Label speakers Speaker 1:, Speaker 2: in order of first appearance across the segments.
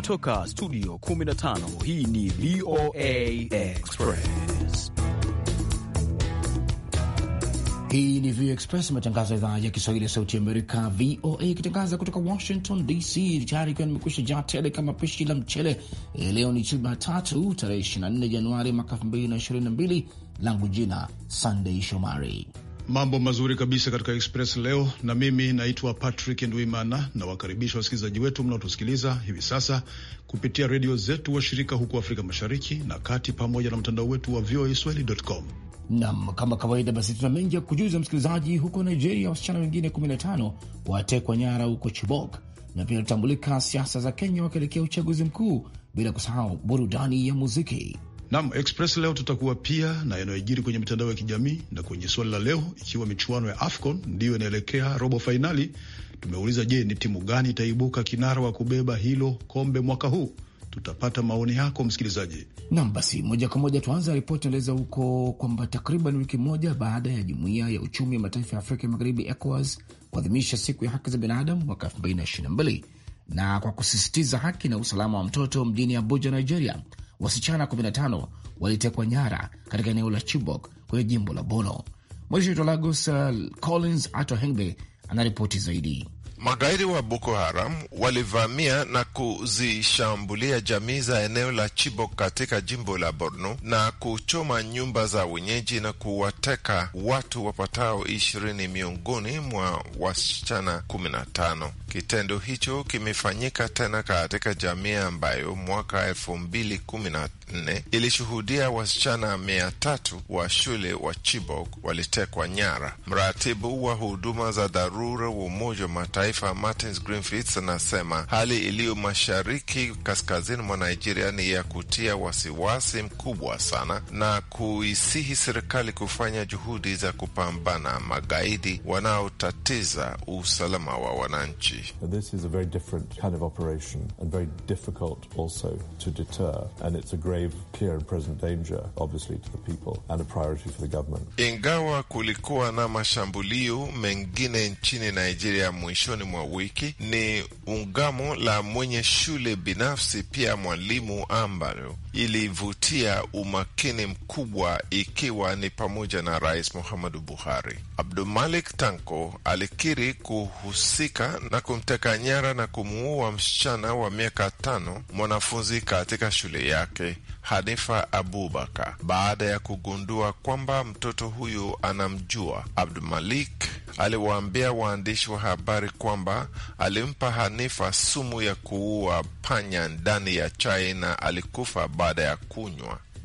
Speaker 1: Kutoka studio 15 hii ni VOA Express. Hii ni VOA Express, matangazo ya idhaa ya Kiswahili ya sauti Amerika, VOA ikitangaza kutoka Washington DC, tayari ikiwa nimekusha jaa tele kama pishi la mchele. E, leo ni Jumatatu tarehe 24 Januari mwaka 2022. Langu jina sandei Shomari
Speaker 2: Mambo mazuri kabisa katika Express leo, na mimi naitwa Patrick Ndwimana na wakaribisha wasikilizaji wetu mnaotusikiliza hivi sasa kupitia redio zetu washirika huko Afrika Mashariki na Kati, pamoja na mtandao wetu wa
Speaker 1: voaswahili.com. Nam, kama kawaida, basi tuna mengi ya kujuza msikilizaji. Huko Nigeria, wasichana wengine 15 watekwa nyara huko Chibok, na pia tutambulika siasa za Kenya wakielekea uchaguzi mkuu, bila kusahau burudani ya muziki.
Speaker 2: Nam Express leo tutakuwa pia na yanayojiri kwenye mitandao ya kijamii na kwenye swali la leo, ikiwa michuano ya AFCON ndiyo inaelekea robo fainali, tumeuliza je, ni timu gani itaibuka kinara wa kubeba hilo kombe mwaka huu? Tutapata maoni yako msikilizaji.
Speaker 1: Nam basi, moja kwa moja tuanze ripoti inaeleza huko kwamba takriban wiki moja baada ya jumuiya ya uchumi wa mataifa ya Afrika Magharibi, ECOWAS, kuadhimisha siku ya haki za binadamu mwaka 2022 na kwa kusisitiza haki na usalama wa mtoto mjini Abuja, Nigeria, wasichana 15 walitekwa nyara katika eneo la Chibok kwenye jimbo la Bono. Mwandishi wetu wa Lagos, uh, Collins Ato Hengbe anaripoti zaidi.
Speaker 3: Magaidi wa Boko Haram walivamia na kuzishambulia jamii za eneo la Chibok katika jimbo la Borno na kuchoma nyumba za wenyeji na kuwateka watu wapatao ishirini miongoni mwa wasichana kumi na tano. Kitendo hicho kimefanyika tena katika jamii ambayo mwaka elfu mbili kumi na nne ilishuhudia wasichana mia tatu wa shule wa Chibok walitekwa nyara. Mratibu wa huduma za dharura wa Umoja wa Mataifa Martins Greenfields anasema hali iliyo mashariki kaskazini mwa Nigeria ni ya kutia wasiwasi mkubwa sana, na kuisihi serikali kufanya juhudi za kupambana magaidi wanaotatiza usalama wa wananchi.
Speaker 2: This is a very different kind of operation and very difficult also to deter. And it's a grave, clear and present danger, obviously, to the people
Speaker 4: and a priority for the government.
Speaker 3: Ingawa kulikuwa na mashambulio mengine nchini Nigeria mwishoni mwa wiki, ni ungamo la mwenye shule binafsi pia mwalimu ambalo ilivutia umakini mkubwa, ikiwa ni pamoja na Rais Muhammadu Buhari. Abdumalik Tanko alikiri kuhusika na kumteka nyara na kumuua msichana wa miaka tano mwanafunzi katika shule yake Hanifa Abubakar baada ya kugundua kwamba mtoto huyu anamjua. Abdumalik aliwaambia waandishi wa habari kwamba alimpa Hanifa sumu ya kuua panya ndani ya chai na alikufa baada ya kunywa.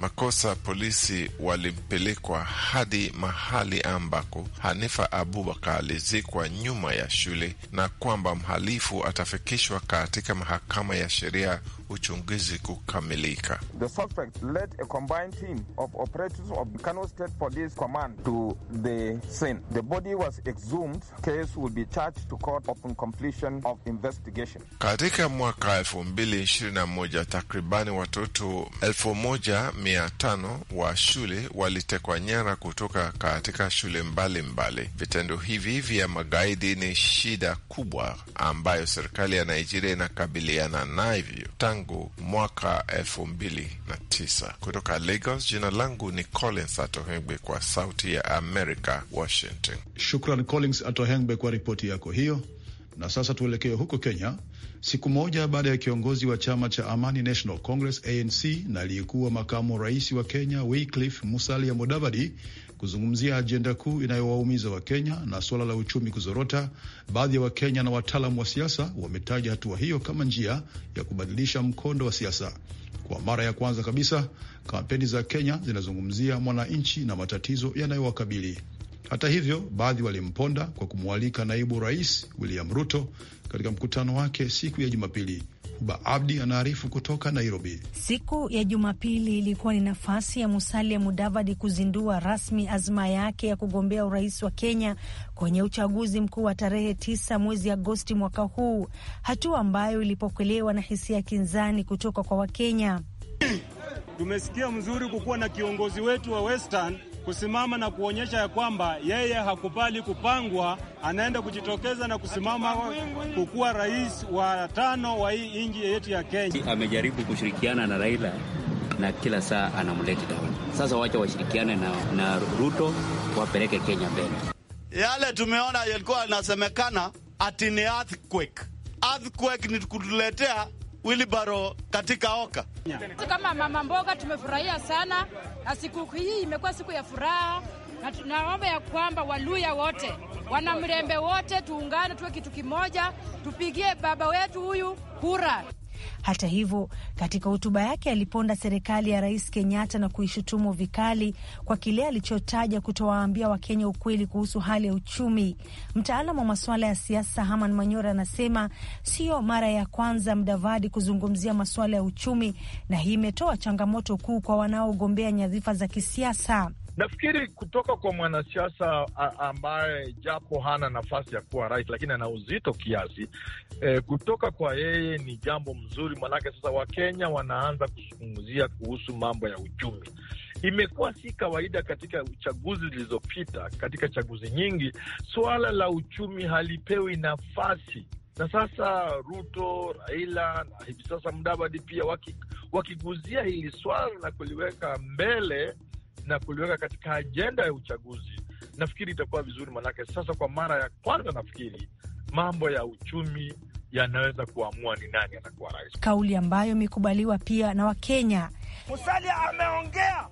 Speaker 3: makosa polisi walimpelekwa hadi mahali ambako Hanifa Abubakar alizikwa nyuma ya shule na kwamba mhalifu atafikishwa katika mahakama ya sheria uchunguzi kukamilika. The suspect led a combined team of operatives of Kano State Police Command to the scene. The body was exhumed. Case will be charged to court upon completion of investigation. Katika mwaka elfu mbili na moja takribani watoto elfu moja mia tano wa shule walitekwa nyara kutoka katika shule mbalimbali mbali. Vitendo hivi vya magaidi ni shida kubwa ambayo serikali ya Nigeria inakabiliana navyo tangu mwaka elfu mbili na tisa. Kutoka Lagos, jina langu ni Collins Atohengwe kwa Sauti ya america Washington.
Speaker 2: Shukran Collins Atohengwe kwa ripoti yako hiyo. Na sasa tuelekee huko Kenya siku moja baada ya kiongozi wa chama cha Amani National Congress ANC na aliyekuwa makamu rais wa Kenya Wycliffe Musalia Mudavadi kuzungumzia ajenda kuu inayowaumiza Wakenya na suala la uchumi kuzorota, baadhi ya Wakenya na wataalamu wa siasa wametaja hatua hiyo kama njia ya kubadilisha mkondo wa siasa. Kwa mara ya kwanza kabisa, kampeni za Kenya zinazungumzia mwananchi na matatizo yanayowakabili. Hata hivyo, baadhi walimponda kwa kumwalika naibu rais William Ruto katika mkutano wake siku ya Jumapili. Baabdi anaarifu kutoka Nairobi.
Speaker 5: Siku ya Jumapili ilikuwa ni nafasi ya Musalia Mudavadi kuzindua rasmi azma yake ya kugombea urais wa Kenya kwenye uchaguzi mkuu wa tarehe 9 mwezi Agosti mwaka huu, hatua ambayo ilipokelewa na hisia kinzani kutoka kwa Wakenya.
Speaker 6: Tumesikia mzuri kukuwa na kiongozi wetu wa Western kusimama na kuonyesha ya kwamba yeye hakubali kupangwa, anaenda kujitokeza na kusimama kukuwa rais wa tano wa hii nchi yetu ya Kenya. Amejaribu kushirikiana na Raila na kila saa anamleta down. Sasa wacha washirikiane na, na Ruto wapeleke Kenya mbele.
Speaker 2: Yale tumeona yalikuwa yanasemekana ati ni earthquake. Earthquake ni kutuletea wilibaro katika oka.
Speaker 4: Kama mama mboga, tumefurahia sana na siku hii imekuwa siku ya furaha, na tunaomba ya kwamba Waluya wote wanamrembe wote tuungane, tuwe kitu kimoja, tupigie baba wetu huyu kura.
Speaker 5: Hata hivyo, katika hotuba yake aliponda serikali ya Rais Kenyatta na kuishutumu vikali kwa kile alichotaja kutowaambia Wakenya ukweli kuhusu hali ya uchumi. Mtaalamu wa masuala ya siasa Haman Manyora anasema sio mara ya kwanza Mdavadi kuzungumzia masuala ya uchumi, na hii imetoa changamoto kuu kwa wanaogombea nyadhifa za kisiasa.
Speaker 2: Nafikiri kutoka kwa mwanasiasa ambaye japo hana nafasi ya kuwa rais, lakini ana uzito kiasi e, kutoka kwa yeye ni jambo mzuri, manake sasa Wakenya wanaanza kuzungumzia kuhusu mambo ya uchumi. Imekuwa si kawaida katika chaguzi zilizopita, katika chaguzi nyingi suala la uchumi halipewi nafasi na sasa Ruto, Raila na hivi sasa mdabadi pia wakiguzia waki hili swala na kuliweka mbele na kuliweka katika ajenda ya uchaguzi, nafikiri itakuwa vizuri, manake sasa kwa mara ya kwanza nafikiri mambo ya uchumi yanaweza kuamua ni nani anakuwa rais,
Speaker 5: kauli ambayo imekubaliwa pia na Wakenya.
Speaker 1: Musalia ameongea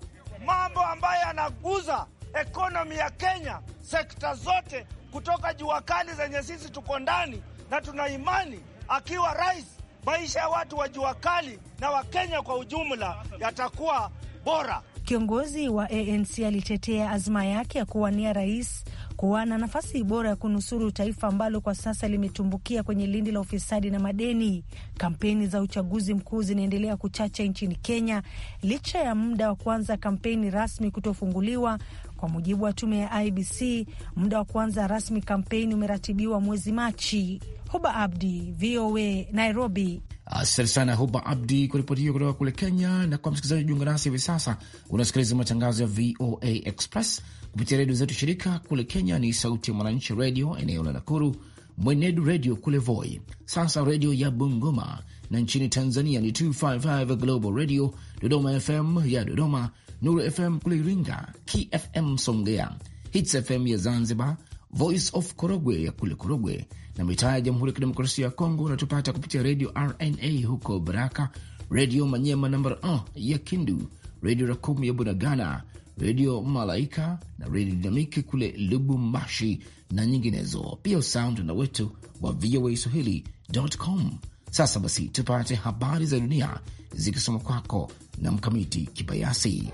Speaker 1: mambo ambayo yanaguza ekonomi ya Kenya, sekta zote, kutoka jua kali zenye sisi tuko ndani, na tuna imani akiwa rais, maisha ya watu wa jua kali na Wakenya
Speaker 5: kwa ujumla yatakuwa bora. Kiongozi wa ANC alitetea azma yake ya kuwania rais kuwa na nafasi bora ya kunusuru taifa ambalo kwa sasa limetumbukia kwenye lindi la ufisadi na madeni. Kampeni za uchaguzi mkuu zinaendelea kuchacha nchini Kenya licha ya muda wa kuanza kampeni rasmi kutofunguliwa. Kwa mujibu wa tume ya IBC, muda wa kuanza rasmi kampeni umeratibiwa mwezi Machi. Huba Abdi, VOA, Nairobi.
Speaker 1: Ah, asante sana Huba Abdi kwa ripoti hiyo kutoka kule Kenya. Na kwa msikilizaji, jiunga nasi hivi sasa, unasikiliza matangazo ya VOA Express kupitia redio zetu shirika. Kule Kenya ni Sauti ya Mwananchi redio eneo la Nakuru, Mwenedu redio kule Voi, sasa redio ya Bungoma, na nchini Tanzania ni 255 Global Radio, Dodoma FM ya Dodoma, Nuru FM kule Iringa, KFM Songea, Hits FM ya Zanzibar, Voice of Korogwe ya kule Korogwe, na mitaa ya Jamhuri ya Kidemokrasia ya Kongo unatupata kupitia redio RNA huko Baraka, redio Manyema namba 1 ya Kindu, redio rakumu ya Bunagana, redio Malaika na redio Dinamiki kule Lubumbashi na nyinginezo. Pia usahau na wetu wa VOA Swahili.com. Sasa basi, tupate habari za dunia zikisoma kwako na Mkamiti Kibayasi.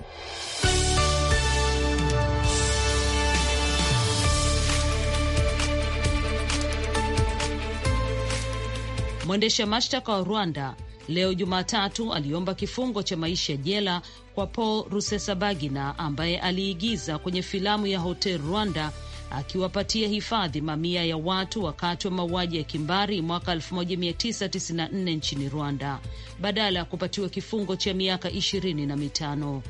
Speaker 7: Mwendesha mashtaka wa Rwanda leo Jumatatu aliomba kifungo cha maisha jela kwa Paul Rusesabagina ambaye aliigiza kwenye filamu ya Hotel Rwanda akiwapatia hifadhi mamia ya watu wakati wa mauaji ya kimbari mwaka 1994 nchini Rwanda, badala ya kupatiwa kifungo cha miaka ishirini na mitano.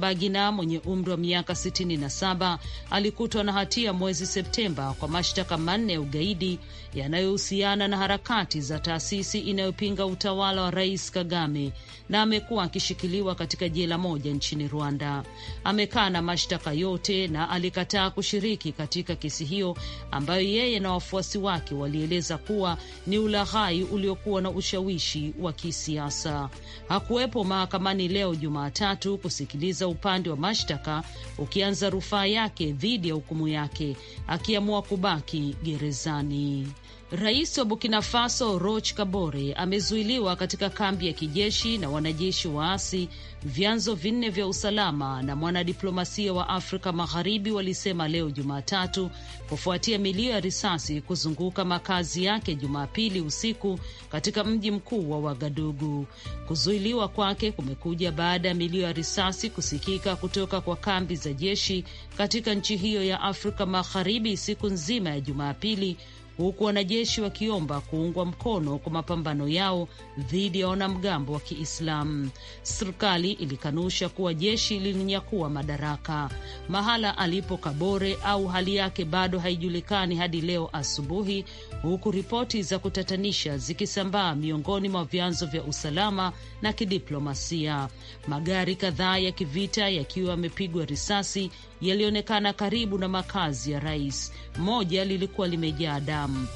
Speaker 7: bagina mwenye umri wa miaka 67 alikutwa na hatia mwezi Septemba kwa mashtaka manne ya ugaidi yanayohusiana na harakati za taasisi inayopinga utawala wa Rais Kagame na amekuwa akishikiliwa katika jela moja nchini Rwanda. amekaa na mashtaka yote na alikataa kushiriki katika kesi hiyo ambayo yeye na wafuasi wake walieleza kuwa ni ulaghai uliokuwa na ushawishi wa kisiasa. Hakuwepo mahakamani leo Jumatatu kusikiliza upande wa mashtaka ukianza rufaa yake dhidi ya hukumu yake, akiamua kubaki gerezani. Rais wa Burkina Faso Roch Kabore amezuiliwa katika kambi ya kijeshi na wanajeshi waasi, vyanzo vinne vya usalama na mwanadiplomasia wa Afrika Magharibi walisema leo Jumatatu, kufuatia milio ya risasi kuzunguka makazi yake Jumapili usiku katika mji mkuu wa Wagadugu. Kuzuiliwa kwake kumekuja baada ya milio ya risasi kusikika kutoka kwa kambi za jeshi katika nchi hiyo ya Afrika Magharibi siku nzima ya Jumapili huku wanajeshi wakiomba kuungwa mkono kwa mapambano yao dhidi ya wanamgambo wa Kiislamu. Serikali ilikanusha kuwa jeshi lilinyakua madaraka. Mahala alipo Kabore au hali yake bado haijulikani hadi leo asubuhi, huku ripoti za kutatanisha zikisambaa miongoni mwa vyanzo vya usalama na kidiplomasia. Magari kadhaa ya kivita yakiwa yamepigwa risasi yalionekana karibu na makazi ya rais. Moja lilikuwa limejaa damu. Um.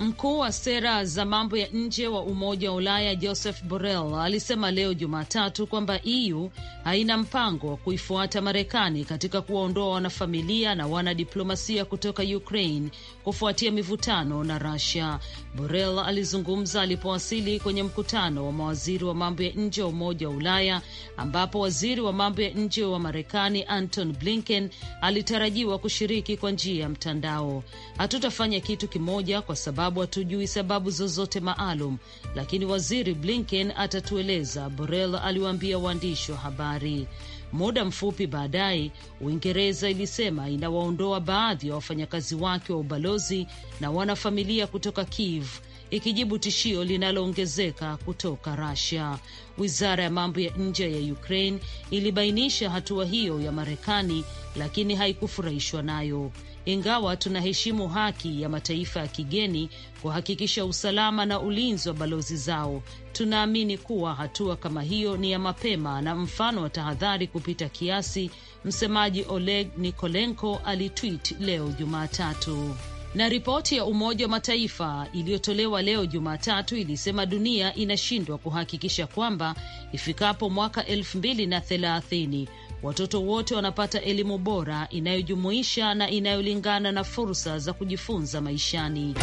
Speaker 7: Mkuu wa sera za mambo ya nje wa Umoja wa Ulaya Joseph Borrell alisema leo Jumatatu kwamba EU haina mpango wa kuifuata Marekani katika kuwaondoa wanafamilia na wanadiplomasia kutoka Ukraine kufuatia mivutano na Russia. Borrell alizungumza alipowasili kwenye mkutano wa mawaziri wa mambo ya nje wa Umoja wa Ulaya ambapo waziri wa mambo ya nje wa Marekani Anton Blinken alitarajiwa kushiriki kwa njia ya mtandao. Hatutafanya kitu kimoja kwa sababu sababu hatujui sababu zozote maalum, lakini waziri Blinken atatueleza, Borrell aliwaambia waandishi wa habari. Muda mfupi baadaye, Uingereza ilisema inawaondoa baadhi ya wafanyakazi wake wa ubalozi na wanafamilia kutoka Kiev ikijibu tishio linaloongezeka kutoka rasia Wizara ya mambo ya nje ya Ukraine ilibainisha hatua hiyo ya Marekani, lakini haikufurahishwa nayo. Ingawa tunaheshimu haki ya mataifa ya kigeni kuhakikisha usalama na ulinzi wa balozi zao, tunaamini kuwa hatua kama hiyo ni ya mapema na mfano wa tahadhari kupita kiasi, msemaji Oleg Nikolenko alitwit leo Jumatatu. Na ripoti ya Umoja wa Mataifa iliyotolewa leo Jumatatu ilisema dunia inashindwa kuhakikisha kwamba ifikapo mwaka elfu mbili na thelathini watoto wote wanapata elimu bora inayojumuisha na inayolingana na fursa za kujifunza maishani.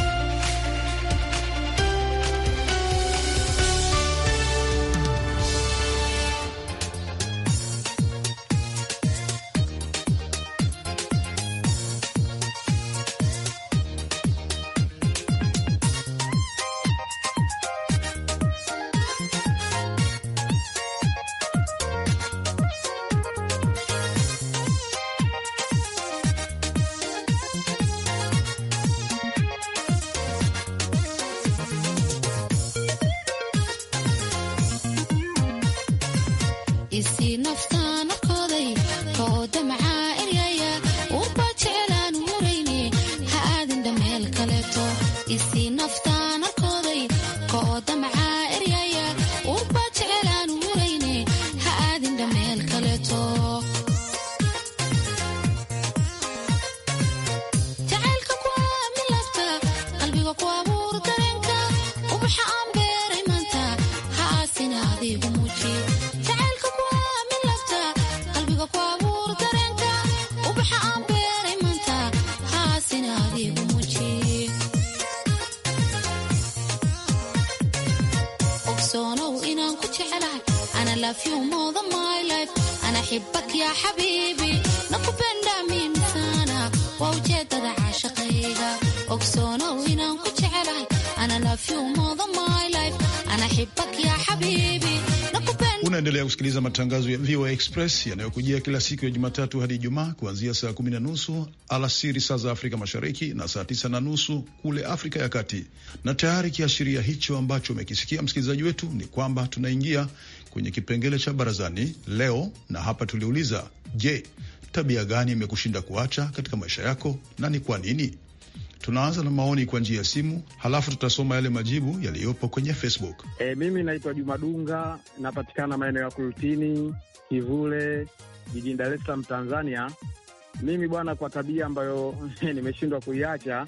Speaker 2: Unaendelea kusikiliza matangazo ya VOA Express yanayokujia kila siku ya Jumatatu hadi Ijumaa kuanzia saa kumi na nusu alasiri saa za Afrika Mashariki na saa tisa na nusu kule Afrika ya Kati. Na tayari kiashiria hicho ambacho umekisikia msikilizaji wetu ni kwamba tunaingia kwenye kipengele cha barazani leo, na hapa tuliuliza, je, tabia gani imekushinda kuacha katika maisha yako na ni kwa nini? Tunaanza na maoni kwa njia ya simu, halafu tutasoma yale majibu yaliyopo kwenye Facebook.
Speaker 8: E, mimi naitwa Jumadunga, napatikana maeneo ya Kurutini Kivule, jijini Dar es Salaam, Tanzania. Mimi bwana, kwa tabia ambayo nimeshindwa kuiacha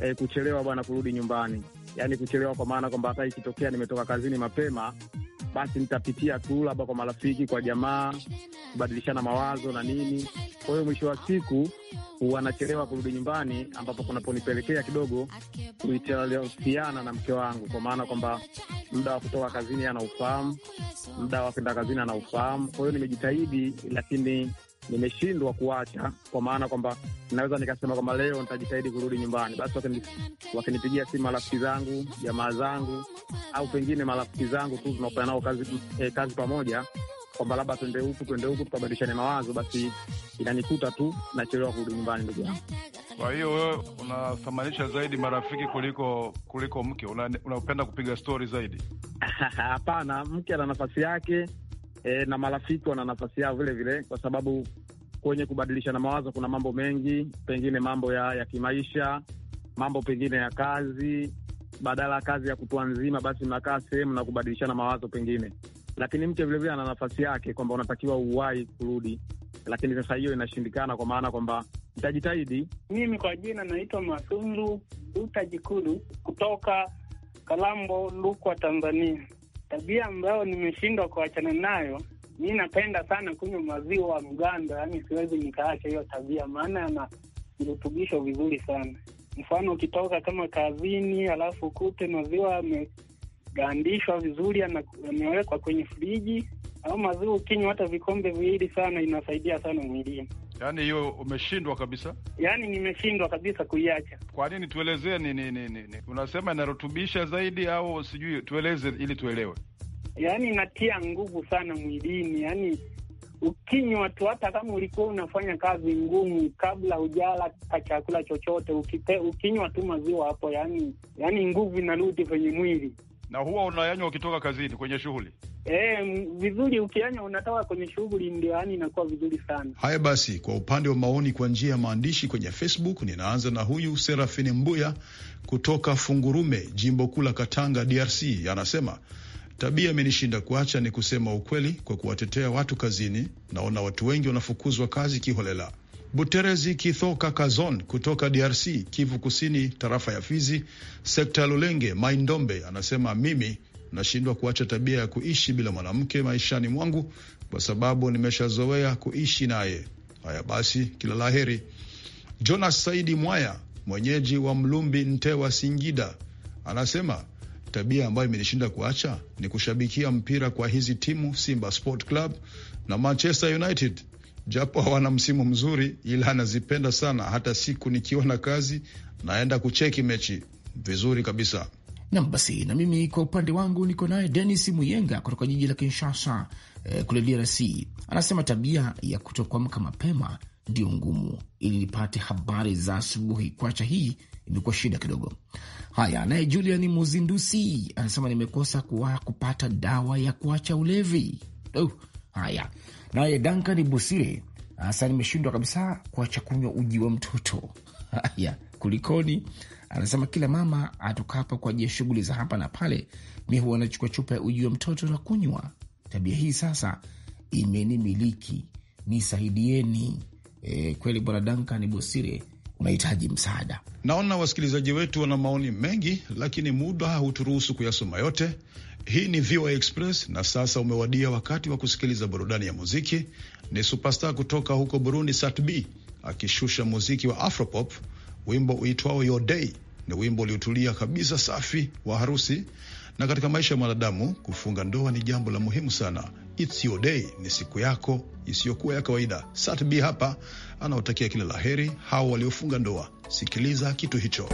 Speaker 8: e, kuchelewa bwana kurudi nyumbani, yaani kuchelewa kwa maana kwamba hata ikitokea nimetoka kazini mapema basi nitapitia tu labda kwa marafiki, kwa jamaa, kubadilishana mawazo na nini. Kwa hiyo mwisho wa siku wanachelewa kurudi nyumbani, ambapo kunaponipelekea kidogo kuitaliasiana na mke wangu, kwa maana kwamba muda wa kutoka kazini anaufahamu, muda wa kwenda kazini anaufahamu. Kwa hiyo nimejitahidi, lakini nimeshindwa kuacha, kwa maana kwamba naweza nikasema kwamba leo nitajitahidi kurudi nyumbani, basi wakinipigia simu marafiki zangu, jamaa zangu, au pengine marafiki zangu tu tunaofanya nao kazi, eh, kazi pamoja kwamba labda twende huku twende huku tukabadilishane mawazo, basi inanikuta tu nachelewa
Speaker 2: kurudi nyumbani, ndugu yangu. Kwa hiyo wewe unathamanisha zaidi marafiki kuliko kuliko mke? Unapenda una kupiga stori zaidi?
Speaker 8: Hapana,
Speaker 2: mke ana nafasi yake
Speaker 8: e, na marafiki wana nafasi yao vile vile, kwa sababu kwenye kubadilishana mawazo kuna mambo mengi, pengine mambo ya, ya kimaisha, mambo pengine ya kazi. Badala ya kazi ya kutwa nzima, basi mnakaa sehemu na kubadilishana mawazo pengine. Lakini mke vilevile ana nafasi yake kwamba unatakiwa uwahi kurudi, lakini sasa hiyo inashindikana, kwa maana kwamba nitajitahidi
Speaker 6: mimi. Kwa jina naitwa Masundu Utajikulu kutoka Kalambo, Lukwa, Tanzania. Tabia ambayo nimeshindwa kuachana nayo, mi napenda sana kunywa maziwa mganda yaani siwezi nikaacha hiyo tabia, maana yana virutubisho vizuri sana. Mfano, ukitoka kama kazini, alafu ukute maziwa yamegandishwa vizuri, yamewekwa kwenye friji au maziwa ukinywa hata vikombe viwili sana, inasaidia sana mwilini.
Speaker 2: Yaani hiyo umeshindwa kabisa? Yaani nimeshindwa kabisa kuiacha. Kwa nini? Tuelezee ni nini, ni. Unasema inarutubisha zaidi au sijui, tueleze ili tuelewe.
Speaker 6: Yaani inatia nguvu sana mwilini, yaani ukinywa tu, hata kama ulikuwa unafanya kazi ngumu kabla hujala ka chakula chochote, ukinywa tu maziwa hapo, yaani yaani
Speaker 2: nguvu inarudi kwenye mwili. Na huwa unayanywa ukitoka kazini kwenye shughuli
Speaker 6: E, vizuri ukianya unatoka kwenye shughuli ndio, yani inakuwa vizuri sana.
Speaker 2: Haya basi, kwa upande wa maoni kwa njia ya maandishi kwenye Facebook, ninaanza na huyu Serafini Mbuya kutoka Fungurume, jimbo kuu la Katanga, DRC. Anasema tabia imenishinda kuacha ni kusema ukweli kwa kuwatetea watu kazini. Naona watu wengi wanafukuzwa kazi kiholela. Buterezi Kithoka Kazon kutoka DRC, Kivu Kusini, tarafa ya Fizi, sekta ya Lulenge Maindombe, anasema mimi nashindwa kuacha tabia ya kuishi bila mwanamke maishani mwangu kwa sababu nimeshazoea kuishi naye. Haya basi, kila laheri. Jonas Saidi Mwaya, mwenyeji wa Mlumbi Nte wa Singida, anasema tabia ambayo imenishinda kuacha ni kushabikia mpira kwa hizi timu Simba Sport Club na Manchester United, japo hawana msimu mzuri, ila anazipenda sana. Hata siku nikiwa na kazi naenda kucheki mechi vizuri kabisa.
Speaker 1: Nam, basi na mimi kwa upande wangu niko naye Denis Muyenga kutoka jiji la Kinshasa eh, kule DRC. Anasema tabia ya kutokuamka mapema ndio ngumu, ili nipate habari za asubuhi. Kwacha hii imekuwa shida kidogo. Haya, naye Julian Muzindusi anasema nimekosa kuwa kupata dawa ya kuacha ulevi. Uh, haya, naye Dankani Busire anasema nimeshindwa kabisa kuacha kunywa uji wa mtoto. Haya, kulikoni? Anasema kila mama atokapo kwa ajili ya shughuli za hapa na pale, mi huwa anachukua chupa ya uji wa mtoto na kunywa. Tabia hii sasa imenimiliki, nisaidieni. E, kweli Bwana Duncan Bosire unahitaji msaada.
Speaker 2: Naona wasikilizaji wetu wana maoni mengi, lakini muda huturuhusu kuyasoma yote. Hii ni VOA Express na sasa umewadia wakati wa kusikiliza burudani ya muziki. Ni superstar kutoka huko Burundi, Sat B akishusha muziki wa Afropop Wimbo uitwao Your Day ni wimbo uliotulia kabisa, safi wa harusi. Na katika maisha ya mwanadamu kufunga ndoa ni jambo la muhimu sana. It's your day, ni siku yako isiyokuwa ya kawaida. Satbi hapa anaotakia kila la heri hao waliofunga ndoa. Sikiliza kitu hicho.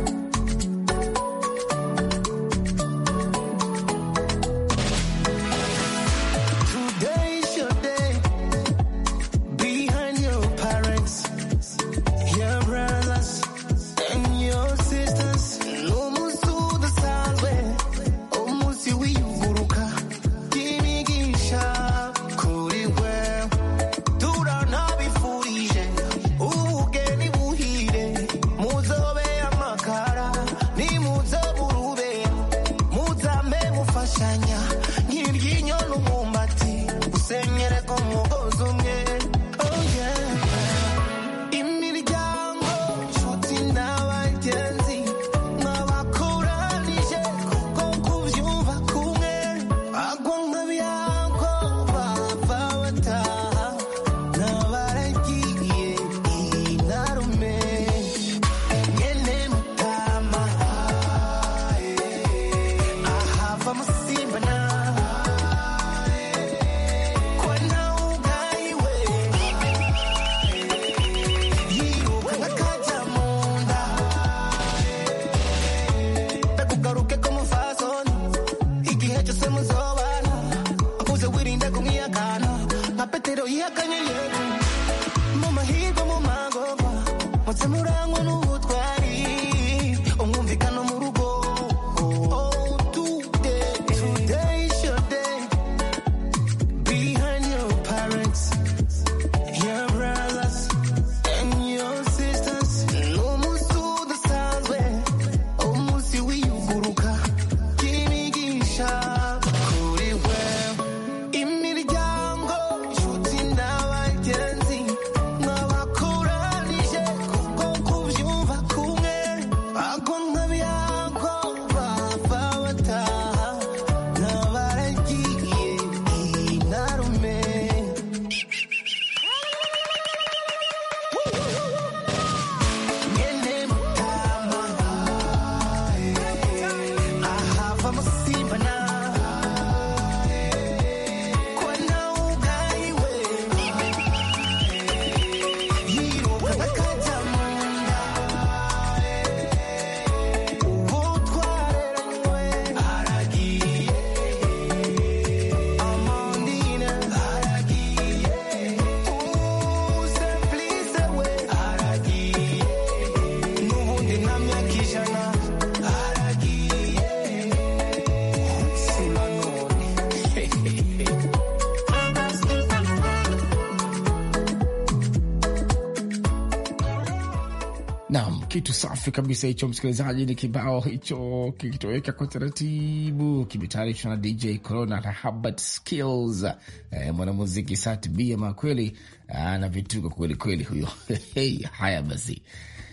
Speaker 1: safi kabisa hicho, msikilizaji, ni kibao hicho kikitoweka kwa taratibu, kimetayarishwa na DJ Corona na Habat Skills, eh, mwanamuziki satbia makweli e, anavituka kweli kweli huyo. Hey, haya basi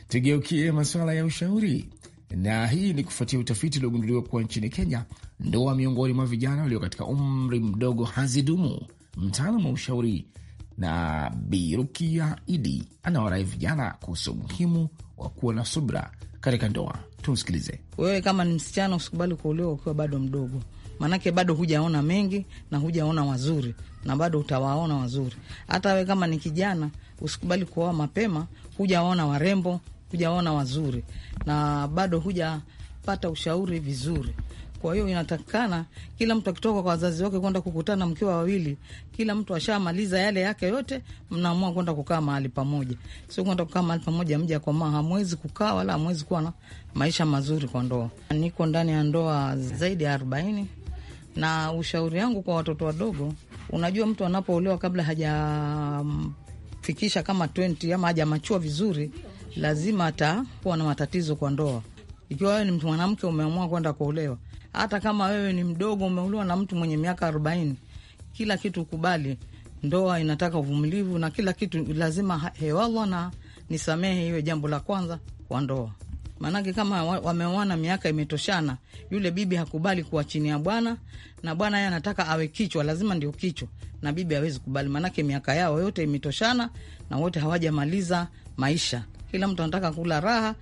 Speaker 1: tugeukie masuala ya ushauri, na hii ni kufuatia utafiti uliogunduliwa kuwa nchini Kenya ndoa miongoni mwa vijana walio katika umri mdogo hazidumu. Mtaalamu wa ushauri na Birukia Idi anawarai vijana kuhusu umuhimu wa kuwa na subra katika ndoa. Tumsikilize.
Speaker 4: Wewe kama ni msichana, usikubali kuolewa ukiwa bado mdogo, maanake bado hujaona mengi na hujaona wazuri, na bado utawaona wazuri. Hata wewe kama ni kijana, usikubali kuoa mapema, hujaona warembo, hujaona wazuri, na bado hujapata ushauri vizuri kwa hiyo inatakikana kila mtu akitoka kwa wazazi wake kwenda kukutana mkiwa wawili, kila mtu ashamaliza yale yake yote, mnaamua kwenda kukaa mahali pamoja. Sio kwenda kukaa mahali pamoja mja kwa maa, hamwezi kukaa wala hamwezi kuwa na maisha mazuri kwa ndoa. Niko ndani ya ndoa zaidi ya arobaini na ushauri yangu kwa watoto wadogo, unajua mtu anapoolewa kabla hajafikisha kama 20 ama hajamachua vizuri, lazima atakuwa na matatizo kwa ndoa. Ikiwa wewe ni mtu mwanamke umeamua kwenda kuolewa hata kama wewe ni mdogo, umeuliwa na mtu mwenye miaka arobaini, kila kitu ukubali. Ndoa inataka uvumilivu na kila kitu, lazima hewallah na nisamehe, iwe jambo la kwanza kwa ndoa. Maanake kama wameoana miaka imetoshana, yule bibi hakubali kuwa chini ya bwana, na bwana yeye anataka awe kichwa, lazima ndio kichwa, na bibi hawezi kubali, maanake miaka yao yote imetoshana na wote hawajamaliza maisha, kila mtu anataka kula raha.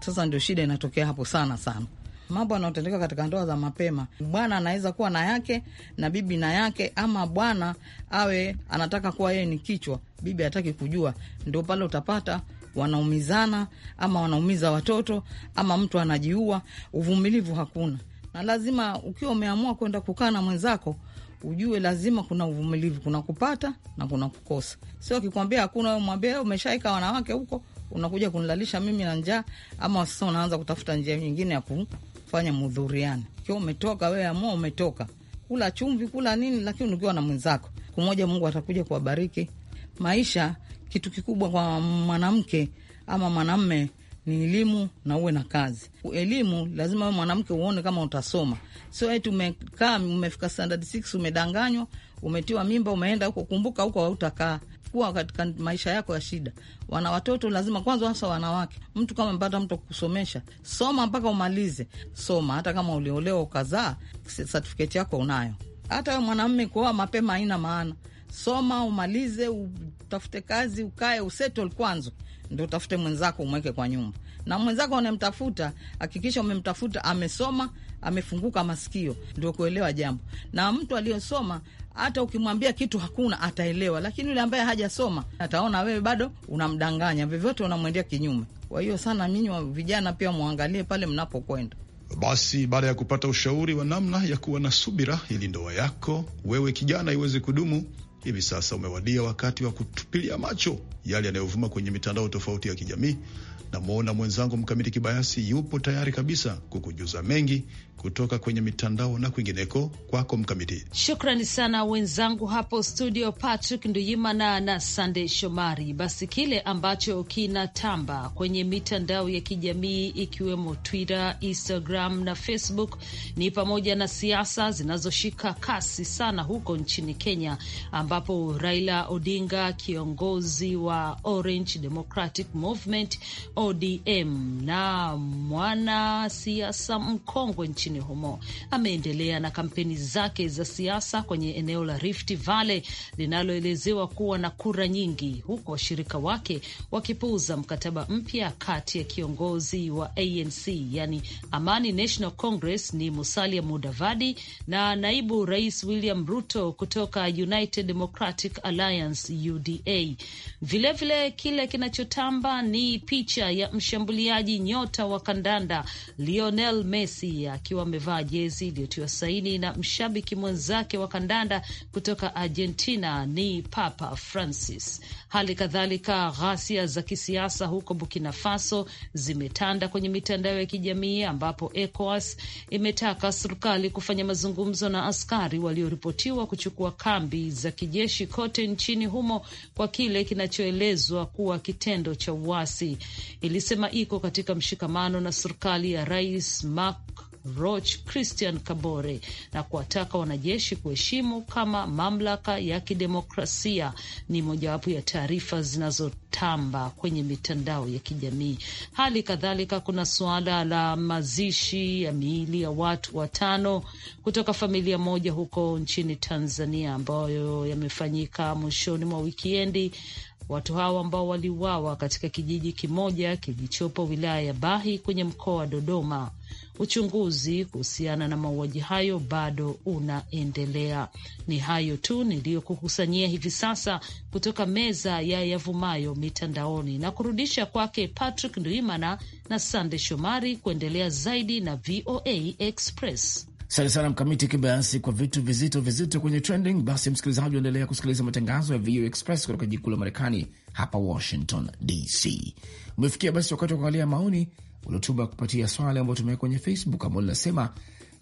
Speaker 4: Sasa ndio shida inatokea hapo sana sana mambo yanayotendeka katika ndoa za mapema. Bwana anaweza kuwa na yake na bibi na yake, ama bwana awe anataka kuwa yeye ni kichwa, bibi hataki kujua. Ndio pale utapata wanaumizana ama wanaumiza watoto ama mtu anajiua. Uvumilivu hakuna, na lazima ukiwa umeamua kwenda kukaa na mwenzako ujue lazima kuna uvumilivu, kuna kupata na kuna kukosa. Sio akikwambia hakuna, wewe mwambie umeshaika wanawake huko, unakuja kunilalisha mimi na njaa, ama sasa unaanza kutafuta njia nyingine ya kufanya mudhuriano. Ukiwa umetoka wewe, amua umetoka, kula chumvi, kula nini, lakini ukiwa na mwenzako kumoja, Mungu atakuja kuwabariki maisha. Kitu kikubwa kwa mwanamke ama mwanamme ni elimu na uwe na kazi. Elimu lazima we mwanamke uone kama utasoma, sio eti eh, umekaa umefika standard 6 umedanganywa, umetiwa mimba, umeenda huko. Kumbuka huko hautakaa kuwa katika maisha yako ya shida. Wana watoto lazima kwanza, hasa wanawake, mtu kama mpata mtu kukusomesha, soma mpaka umalize. Soma hata kama uliolewa ukazaa, certificate yako unayo. Hata mwanamme kuoa mapema haina maana. Soma umalize, utafute kazi, ukae usettle kwanza, ndo utafute mwenzako umweke kwa nyumba. Na mwenzako unamtafuta, hakikisha umemtafuta amesoma, amefunguka masikio, ndio kuelewa jambo. Na mtu aliyosoma hata ukimwambia kitu hakuna ataelewa, lakini yule ambaye hajasoma ataona wewe bado unamdanganya, vyovyote unamwendea kinyume. Kwa hiyo sana minywa, vijana pia mwangalie pale mnapokwenda.
Speaker 2: Basi baada ya kupata ushauri wa namna ya kuwa na subira ili ndoa yako wewe kijana iweze kudumu, hivi sasa umewadia wakati wa kutupilia macho yale yanayovuma kwenye mitandao tofauti ya kijamii Namwona mwenzangu Mkamiti Kibayasi yupo tayari kabisa kukujuza mengi kutoka kwenye mitandao na kwingineko. Kwako Mkamiti.
Speaker 7: Shukrani sana wenzangu hapo studio, Patrick Nduyimana na sande Shomari. Basi kile ambacho kinatamba kwenye mitandao ya kijamii ikiwemo Twitter, Instagram na Facebook ni pamoja na siasa zinazoshika kasi sana huko nchini Kenya, ambapo Raila Odinga, kiongozi wa Orange Democratic Movement ODM na mwanasiasa mkongwe nchini humo ameendelea na kampeni zake za siasa kwenye eneo la Rift Valley linaloelezewa kuwa na kura nyingi, huku washirika wake wakipuuza mkataba mpya kati ya kiongozi wa ANC yani Amani National Congress ni Musalia Mudavadi na naibu rais William Ruto kutoka United Democratic Alliance UDA. Vilevile vile kile kinachotamba ni picha picha ya mshambuliaji nyota wa kandanda Lionel Messi akiwa amevaa jezi iliyotiwa saini na mshabiki mwenzake wa kandanda kutoka Argentina ni Papa Francis. Hali kadhalika, ghasia za kisiasa huko Burkina Faso zimetanda kwenye mitandao ya kijamii ambapo ECOWAS imetaka serikali kufanya mazungumzo na askari walioripotiwa kuchukua kambi za kijeshi kote nchini humo kwa kile kinachoelezwa kuwa kitendo cha uasi ilisema iko katika mshikamano na serikali ya Rais Marc Roch Christian Kabore na kuwataka wanajeshi kuheshimu kama mamlaka ya kidemokrasia. Ni mojawapo ya taarifa zinazotamba kwenye mitandao ya kijamii. Hali kadhalika, kuna suala la mazishi ya miili ya watu watano kutoka familia moja huko nchini Tanzania ambayo yamefanyika mwishoni mwa wikiendi Watu hao ambao waliuawa katika kijiji kimoja kilichopo wilaya ya Bahi kwenye mkoa wa Dodoma. Uchunguzi kuhusiana na mauaji hayo bado unaendelea. Ni hayo tu niliyokukusanyia hivi sasa kutoka meza ya yavumayo mitandaoni, na kurudisha kwake Patrick Ndwimana na Sande Shomari kuendelea zaidi na VOA Express.
Speaker 1: Asante sana Mkamiti Kibayasi kwa vitu vizito vizito kwenye trending. Basi msikilizaji, unaendelea kusikiliza matangazo ya VOA Express kutoka jiji kuu la Marekani hapa Washington DC. Umefikia basi wakati wa kuangalia maoni uliotuma kupatia swali ambayo tumeweka kwenye Facebook ambao linasema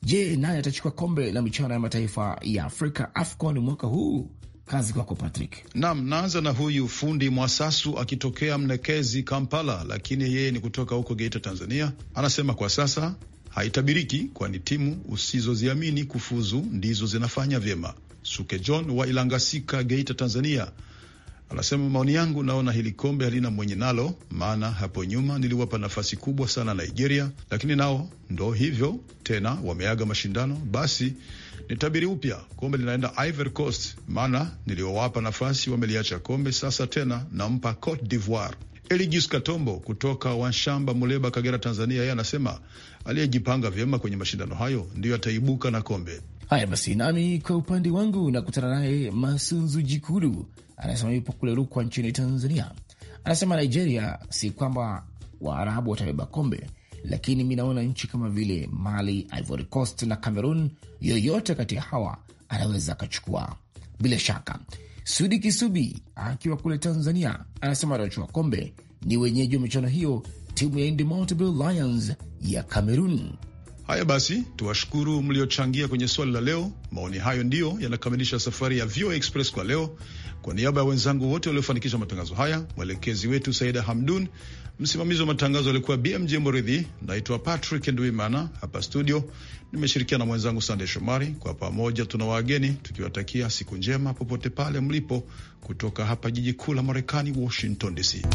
Speaker 1: je, naye atachukua kombe la michuano ya mataifa ya Afrika AFCON mwaka huu? Kazi kwako Patrick.
Speaker 2: Naam, naanza na huyu fundi Mwasasu akitokea Mlekezi, Kampala, lakini yeye ni kutoka huko Geita, Tanzania. Anasema kwa sasa haitabiriki, kwani timu usizoziamini kufuzu ndizo zinafanya vyema. Suke John wa Ilangasika, Geita, Tanzania anasema maoni yangu, naona hili kombe halina mwenye nalo, maana hapo nyuma niliwapa nafasi kubwa sana Nigeria, lakini nao ndo hivyo tena, wameaga mashindano. Basi nitabiri upya, kombe linaenda Ivory Coast, maana niliowapa nafasi wameliacha kombe. Sasa tena nampa Cote d'Ivoire. Eligius Katombo kutoka Wanshamba, Muleba, Kagera, Tanzania, yeye anasema aliyejipanga vyema kwenye mashindano hayo
Speaker 1: ndiyo ataibuka na kombe. Haya basi, nami kwa upande wangu nakutana naye Masunzu Jikulu, anasema yupo kule Rukwa nchini Tanzania. Anasema Nigeria, si kwamba Waarabu watabeba kombe, lakini mi naona nchi kama vile Mali, Ivory Coast na Cameroon, yoyote kati ya hawa anaweza akachukua. Bila shaka Sudi Kisubi akiwa kule Tanzania anasema wa kombe ni wenyeji wa michuano hiyo, timu ya Indomitable Lions ya Cameroon.
Speaker 2: Haya basi, tuwashukuru mliochangia kwenye swali la leo. Maoni hayo ndiyo yanakamilisha safari ya VOA Express kwa leo. Kwa niaba ya wenzangu wote waliofanikisha matangazo haya, mwelekezi wetu Saida Hamdun, Msimamizi wa matangazo alikuwa BMJ Muridhi. Naitwa Patrick nduimana hapa studio nimeshirikiana na mwenzangu Sande Shomari. Kwa pamoja tuna wageni tukiwatakia siku njema popote pale mlipo, kutoka hapa jiji kuu la Marekani, Washington DC.